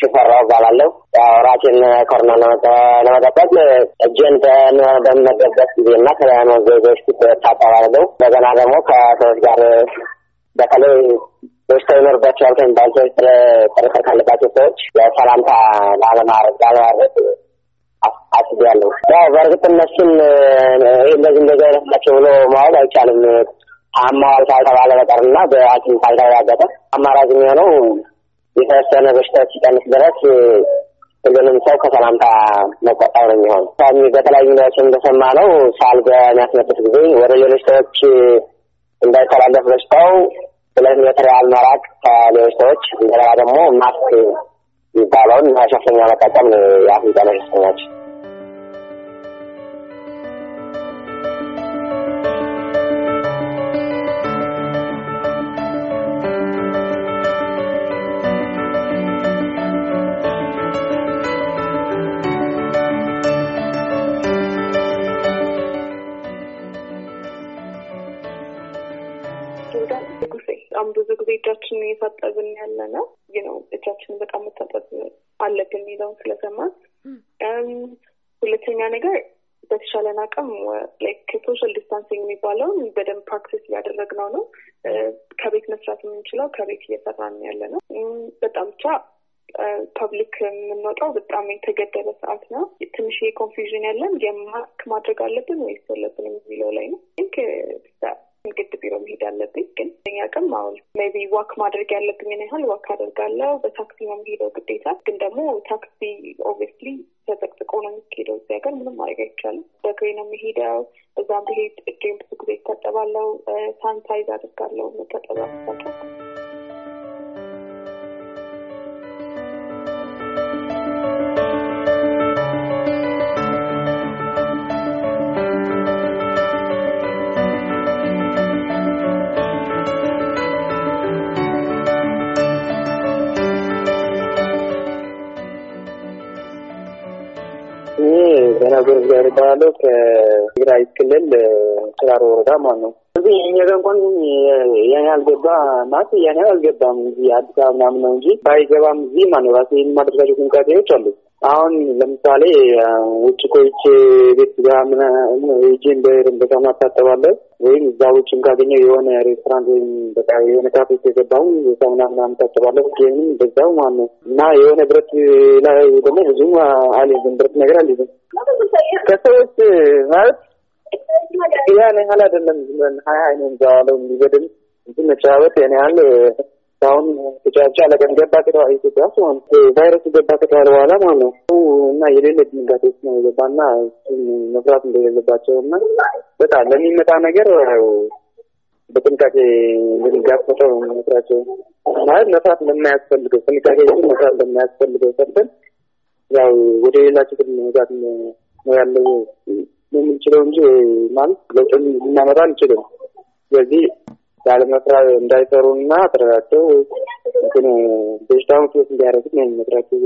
ሽፈራው እባላለሁ። ያው ራሴን ኮሮና ለመጠበቅ እጄን በምመገብበት ጊዜና ከተለያዩ በፊት እታጠባለሁ። እንደገና ደግሞ ከሰዎች ጋር በተለይ በሽታ ይኖርባቸዋል ከሚባሉ ሰዎች ጥርቀት ካለባቸው ሰዎች ሰላምታ ላለማድረግ ላለማድረግ አስቤያለሁ። ያው በእርግጥ እነሱን ይህ እንደዚህ እንደዚህ አይነት ናቸው ብሎ ማወቅ አይቻልም። አማዋል ካልተባለ በቀር በቀርና በሐኪም ካልተረጋገጠ አማራጭ የሚሆነው የተወሰነ በሽታ ሲቀንስ ድረስ ሁሉንም ሰው ከሰላምታ መቆጠብ ነው የሚሆን። በተለያዩ ሚዲያዎች እንደሰማ ነው ሳልገ የሚያስመጥት ጊዜ ወደ ሌሎች ሰዎች እንዳይተላለፍ በሽታው ሁለት ሜትር ያህል መራቅ ከሌሎች ሰዎች እንደገና ደግሞ ማስክ የሚባለውን መሸፈኛ መጠቀም የአፍሪካ መሸፈኛቸው ጊዜ በጣም ብዙ ጊዜ እጃችን እየታጠብን ያለ ነው ነው እጃችንን በጣም መታጠብ አለብን የሚለውን ስለሰማት፣ ሁለተኛ ነገር በተሻለን አቅም ላይክ ሶሻል ዲስታንሲንግ የሚባለውን በደንብ ፕራክቲስ እያደረግነው ነው። ከቤት መስራት የምንችለው ከቤት እየሰራን ያለ ነው። በጣም ብቻ ፐብሊክ የምንወጣው በጣም የተገደበ ሰዓት ነው። ትንሽ ኮንፊውዥን ያለን የማክ ማድረግ አለብን ወይስ የለብን የሚለው ላይ ነው። ግድ ቢሮ መሄድ አለብኝ። ግን ኛ ቅም አሁን ሜይ ቢ ዋክ ማድረግ ያለብኝን ያህል ዋክ አደርጋለሁ። በታክሲ ነው የምሄደው ግዴታ። ግን ደግሞ ታክሲ ኦብቪየስሊ ተጠቅጥቆ ነው የሚሄደው። እዚህ ሀገር ምንም ማድረግ አይቻልም። በእግሬ ነው የሚሄደው። እዛም ብሄድ እጄን ብዙ ጊዜ ይታጠባለው። ሳንታይዝ አድርጋለው መታጠቢያ ሳጠ እኔ ገናጎር ጋር ይባላለው ከትግራይ ክልል ተራሮ ወረዳ ማለት ነው። እዚህ የእኛ ጋር እንኳን ያን አልገባ ማለት ያኔ አልገባም እዚህ አዲስ አበባ ምናምን ነው እንጂ ባይገባም እዚህ ማለት ራሴ የማደርጋቸው ጥንቃቄዎች አሉ። አሁን ለምሳሌ ውጭ ቆይቼ ቤት ጋር ምን እጄን በደንብ በጣም አታጠባለሁ ወይም እዛ ውጭም ካገኘው የሆነ ሬስቶራንት ወይም በቃ የሆነ ካፌ የገባሁ ሳሙና ምናምን ታጥባለሁ። ይህንም በዛው ማለት ነው እና የሆነ ብረት ላይ ደግሞ ብዙም አልይዝም፣ ብረት ነገር አልይዝም። ከሰዎች ማለት ያን ያህል አይደለም። ሀያ አይነ ዛዋለው የሚበድል እንጂ መጫወት ያን ያህል አሁን ተጫጫ አለቀን ገባ ከተባለ ኢትዮጵያ ውስጥ ማለት ቫይረሱ ገባ ከተባለ በኋላ ማለት ነው እና የሌለ ድንጋቴ ውስጥ ነው የገባ እና መፍራት እንደሌለባቸው እና በጣም ለሚመጣ ነገር በጥንቃቄ ልንጋፈጠው መስራቸው ማለት መስራት ለማያስፈልገው ጥንቃቄ መስራት ለማያስፈልገው ሰርተን ያው ወደ ሌላ ችግር መውጣት ነው ያለው የምንችለው እንጂ ማለት ለውጥ ልናመጣ አንችልም። ስለዚህ ላለመስራት እንዳይሰሩና ተረጋግተው እንትኑ በሽታውን ኬዝ እንዲያደርጉት ነው የሚመክራቸው።